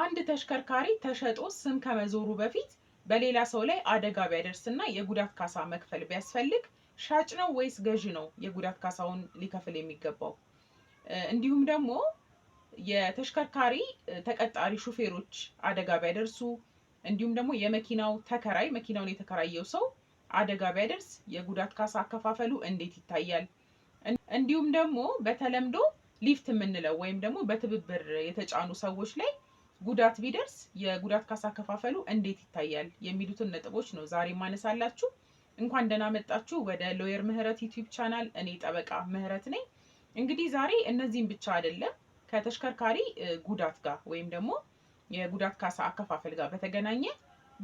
አንድ ተሽከርካሪ ተሸጦ ስም ከመዞሩ በፊት በሌላ ሰው ላይ አደጋ ቢያደርስና የጉዳት ካሳ መክፈል ቢያስፈልግ ሻጭ ነው ወይስ ገዢ ነው የጉዳት ካሳውን ሊከፍል የሚገባው? እንዲሁም ደግሞ የተሽከርካሪ ተቀጣሪ ሹፌሮች አደጋ ቢያደርሱ እንዲሁም ደግሞ የመኪናው ተከራይ መኪናውን የተከራየው ሰው አደጋ ቢያደርስ የጉዳት ካሳ አከፋፈሉ እንዴት ይታያል? እንዲሁም ደግሞ በተለምዶ ሊፍት የምንለው ወይም ደግሞ በትብብር የተጫኑ ሰዎች ላይ ጉዳት ቢደርስ የጉዳት ካሳ አከፋፈሉ እንዴት ይታያል የሚሉትን ነጥቦች ነው ዛሬ ማነሳላችሁ። እንኳን ደህና መጣችሁ ወደ ሎየር ምህረት ዩቲዩብ ቻናል። እኔ ጠበቃ ምህረት ነኝ። እንግዲህ ዛሬ እነዚህም ብቻ አይደለም ከተሽከርካሪ ጉዳት ጋር ወይም ደግሞ የጉዳት ካሳ አከፋፈል ጋር በተገናኘ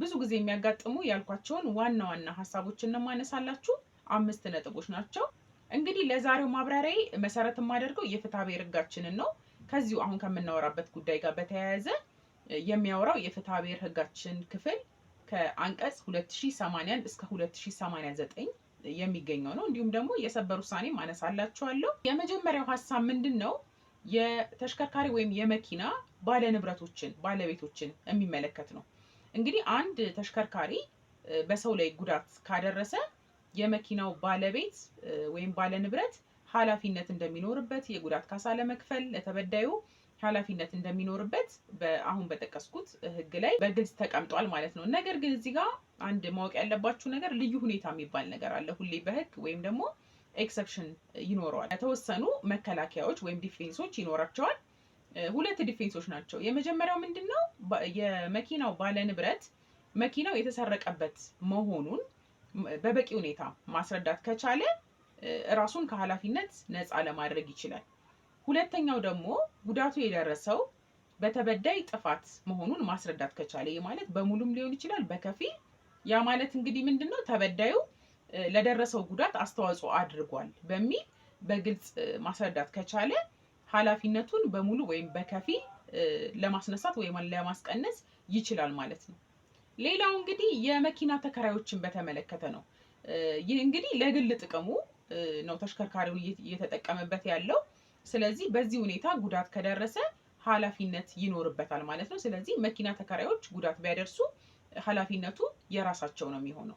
ብዙ ጊዜ የሚያጋጥሙ ያልኳቸውን ዋና ዋና ሀሳቦችን ማነሳላችሁ። አምስት ነጥቦች ናቸው። እንግዲህ ለዛሬው ማብራሪያዬ መሰረት የማደርገው የፍትሐ ብሔር ህጋችንን ነው። ከዚሁ አሁን ከምናወራበት ጉዳይ ጋር በተያያዘ የሚያወራው የፍትሐ ብሔር ህጋችን ክፍል ከአንቀጽ 2081 እስከ 2089 የሚገኘው ነው። እንዲሁም ደግሞ የሰበር ውሳኔ ማነሳላችኋለሁ። የመጀመሪያው ሀሳብ ምንድን ነው? የተሽከርካሪ ወይም የመኪና ባለንብረቶችን ባለቤቶችን የሚመለከት ነው። እንግዲህ አንድ ተሽከርካሪ በሰው ላይ ጉዳት ካደረሰ የመኪናው ባለቤት ወይም ባለንብረት ኃላፊነት እንደሚኖርበት የጉዳት ካሳ ለመክፈል ለተበዳዩ ኃላፊነት እንደሚኖርበት አሁን በጠቀስኩት ህግ ላይ በግልጽ ተቀምጧል ማለት ነው። ነገር ግን እዚህ ጋር አንድ ማወቅ ያለባችሁ ነገር ልዩ ሁኔታ የሚባል ነገር አለ ሁሌ በህግ ወይም ደግሞ ኤክሰፕሽን ይኖረዋል። የተወሰኑ መከላከያዎች ወይም ዲፌንሶች ይኖራቸዋል። ሁለት ዲፌንሶች ናቸው። የመጀመሪያው ምንድን ነው? የመኪናው ባለ ንብረት መኪናው የተሰረቀበት መሆኑን በበቂ ሁኔታ ማስረዳት ከቻለ ራሱን ከኃላፊነት ነፃ ለማድረግ ይችላል። ሁለተኛው ደግሞ ጉዳቱ የደረሰው በተበዳይ ጥፋት መሆኑን ማስረዳት ከቻለ ማለት በሙሉም ሊሆን ይችላል በከፊል ያ ማለት እንግዲህ ምንድን ነው ተበዳዩ ለደረሰው ጉዳት አስተዋጽኦ አድርጓል በሚል በግልጽ ማስረዳት ከቻለ ኃላፊነቱን በሙሉ ወይም በከፊል ለማስነሳት ወይም ለማስቀነስ ይችላል ማለት ነው። ሌላው እንግዲህ የመኪና ተከራዮችን በተመለከተ ነው። ይህ እንግዲህ ለግል ጥቅሙ ነው ተሽከርካሪውን እየተጠቀመበት ያለው ስለዚህ በዚህ ሁኔታ ጉዳት ከደረሰ ኃላፊነት ይኖርበታል ማለት ነው። ስለዚህ መኪና ተከራዮች ጉዳት ቢያደርሱ ኃላፊነቱ የራሳቸው ነው የሚሆነው።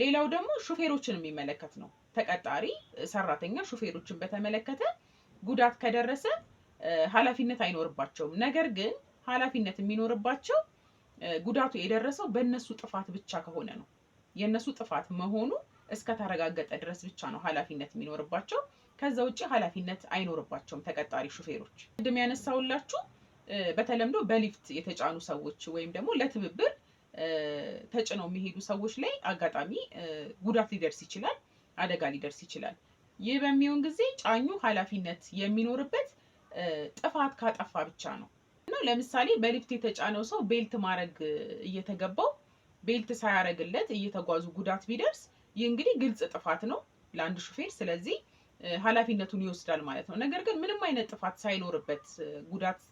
ሌላው ደግሞ ሹፌሮችን የሚመለከት ነው። ተቀጣሪ ሰራተኛ ሹፌሮችን በተመለከተ ጉዳት ከደረሰ ኃላፊነት አይኖርባቸውም። ነገር ግን ኃላፊነት የሚኖርባቸው ጉዳቱ የደረሰው በእነሱ ጥፋት ብቻ ከሆነ ነው። የእነሱ ጥፋት መሆኑ እስከተረጋገጠ ድረስ ብቻ ነው ኃላፊነት የሚኖርባቸው። ከዛ ውጭ ኃላፊነት አይኖርባቸውም ተቀጣሪ ሹፌሮች። ቅድም ያነሳውላችሁ በተለምዶ በሊፍት የተጫኑ ሰዎች ወይም ደግሞ ለትብብር ተጭነው የሚሄዱ ሰዎች ላይ አጋጣሚ ጉዳት ሊደርስ ይችላል፣ አደጋ ሊደርስ ይችላል። ይህ በሚሆን ጊዜ ጫኙ ኃላፊነት የሚኖርበት ጥፋት ካጠፋ ብቻ ነው እና ለምሳሌ በሊፍት የተጫነው ሰው ቤልት ማድረግ እየተገባው ቤልት ሳያረግለት እየተጓዙ ጉዳት ቢደርስ ይህ እንግዲህ ግልጽ ጥፋት ነው ለአንድ ሹፌር። ስለዚህ ኃላፊነቱን ይወስዳል ማለት ነው። ነገር ግን ምንም አይነት ጥፋት ሳይኖርበት ጉዳት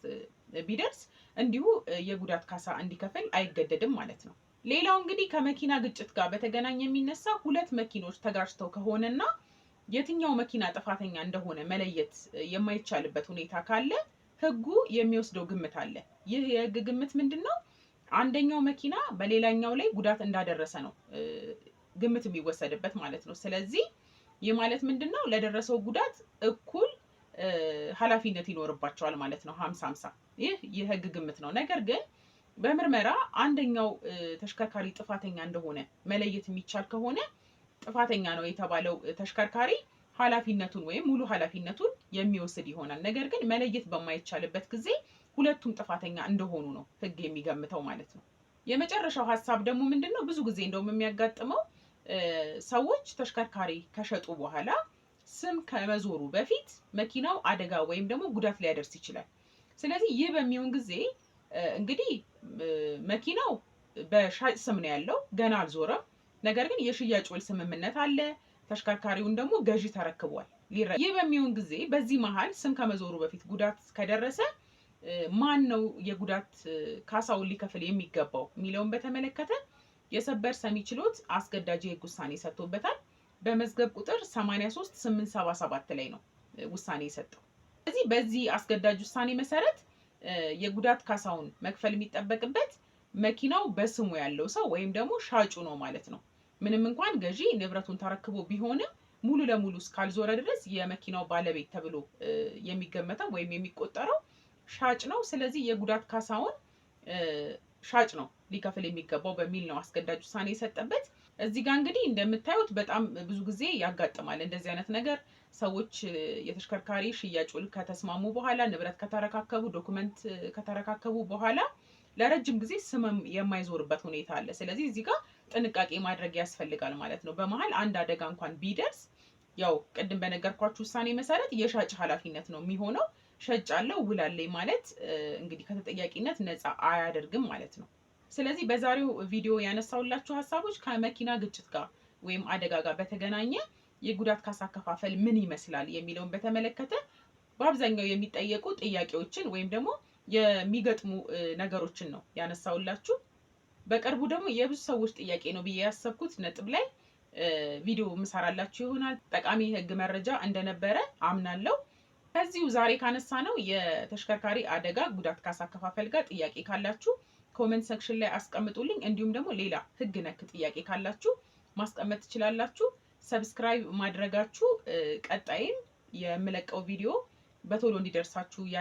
ቢደርስ እንዲሁ የጉዳት ካሳ እንዲከፍል አይገደድም ማለት ነው። ሌላው እንግዲህ ከመኪና ግጭት ጋር በተገናኘ የሚነሳ ሁለት መኪኖች ተጋጭተው ከሆነና የትኛው መኪና ጥፋተኛ እንደሆነ መለየት የማይቻልበት ሁኔታ ካለ ህጉ የሚወስደው ግምት አለ። ይህ የህግ ግምት ምንድን ነው? አንደኛው መኪና በሌላኛው ላይ ጉዳት እንዳደረሰ ነው ግምት የሚወሰድበት ማለት ነው። ስለዚህ ይህ ማለት ምንድን ነው? ለደረሰው ጉዳት እኩል ኃላፊነት ይኖርባቸዋል ማለት ነው። ሀምሳ ሀምሳ ይህ የህግ ግምት ነው። ነገር ግን በምርመራ አንደኛው ተሽከርካሪ ጥፋተኛ እንደሆነ መለየት የሚቻል ከሆነ ጥፋተኛ ነው የተባለው ተሽከርካሪ ኃላፊነቱን ወይም ሙሉ ኃላፊነቱን የሚወስድ ይሆናል። ነገር ግን መለየት በማይቻልበት ጊዜ ሁለቱም ጥፋተኛ እንደሆኑ ነው ህግ የሚገምተው ማለት ነው። የመጨረሻው ሀሳብ ደግሞ ምንድን ነው? ብዙ ጊዜ እንደውም የሚያጋጥመው ሰዎች ተሽከርካሪ ከሸጡ በኋላ ስም ከመዞሩ በፊት መኪናው አደጋ ወይም ደግሞ ጉዳት ሊያደርስ ይችላል። ስለዚህ ይህ በሚሆን ጊዜ እንግዲህ መኪናው በሻጭ ስም ነው ያለው፣ ገና አልዞረም። ነገር ግን የሽያጭ ውል ስምምነት አለ። ተሽከርካሪውን ደግሞ ገዢ ተረክቧል። ይህ በሚሆን ጊዜ በዚህ መሀል ስም ከመዞሩ በፊት ጉዳት ከደረሰ ማን ነው የጉዳት ካሳውን ሊከፍል የሚገባው የሚለውን በተመለከተ የሰበር ሰሚ ችሎት አስገዳጅ የህግ ውሳኔ ሰጥቶበታል። በመዝገብ ቁጥር 83877 ላይ ነው ውሳኔ የሰጠው። ስለዚህ በዚህ አስገዳጅ ውሳኔ መሰረት የጉዳት ካሳውን መክፈል የሚጠበቅበት መኪናው በስሙ ያለው ሰው ወይም ደግሞ ሻጩ ነው ማለት ነው። ምንም እንኳን ገዢ ንብረቱን ተረክቦ ቢሆንም ሙሉ ለሙሉ እስካልዞረ ድረስ የመኪናው ባለቤት ተብሎ የሚገመተው ወይም የሚቆጠረው ሻጭ ነው። ስለዚህ የጉዳት ካሳውን ሻጭ ነው ሊከፍል የሚገባው በሚል ነው አስገዳጅ ውሳኔ የሰጠበት። እዚህ ጋር እንግዲህ እንደምታዩት በጣም ብዙ ጊዜ ያጋጥማል እንደዚህ አይነት ነገር። ሰዎች የተሽከርካሪ ውል ከተስማሙ በኋላ ንብረት ከተረካከቡ፣ ዶክመንት ከተረካከቡ በኋላ ለረጅም ጊዜ ስም የማይዞርበት ሁኔታ አለ። ስለዚህ እዚህ ጋር ጥንቃቄ ማድረግ ያስፈልጋል ማለት ነው። በመሀል አንድ አደጋ እንኳን ቢደርስ ያው ቅድም በነገርኳችሁ ውሳኔ መሰረት የሻጭ ኃላፊነት ነው የሚሆነው። ሸጫለው ውላለኝ ማለት እንግዲህ ከተጠያቂነት ነፃ አያደርግም ማለት ነው። ስለዚህ በዛሬው ቪዲዮ ያነሳውላችሁ ሀሳቦች ከመኪና ግጭት ጋር ወይም አደጋ ጋር በተገናኘ የጉዳት ካሳ አከፋፈል ምን ይመስላል የሚለውን በተመለከተ በአብዛኛው የሚጠየቁ ጥያቄዎችን ወይም ደግሞ የሚገጥሙ ነገሮችን ነው ያነሳውላችሁ። በቅርቡ ደግሞ የብዙ ሰዎች ጥያቄ ነው ብዬ ያሰብኩት ነጥብ ላይ ቪዲዮ ምሰራላችሁ ይሆናል። ጠቃሚ ህግ መረጃ እንደነበረ አምናለሁ። ከዚሁ ዛሬ ካነሳ ነው የተሽከርካሪ አደጋ ጉዳት ካሳ አከፋፈል ጋር ጥያቄ ካላችሁ ኮመንት ሰክሽን ላይ አስቀምጡልኝ። እንዲሁም ደግሞ ሌላ ህግ ነክ ጥያቄ ካላችሁ ማስቀመጥ ትችላላችሁ። ሰብስክራይብ ማድረጋችሁ ቀጣይም የምለቀው ቪዲዮ በቶሎ እንዲደርሳችሁ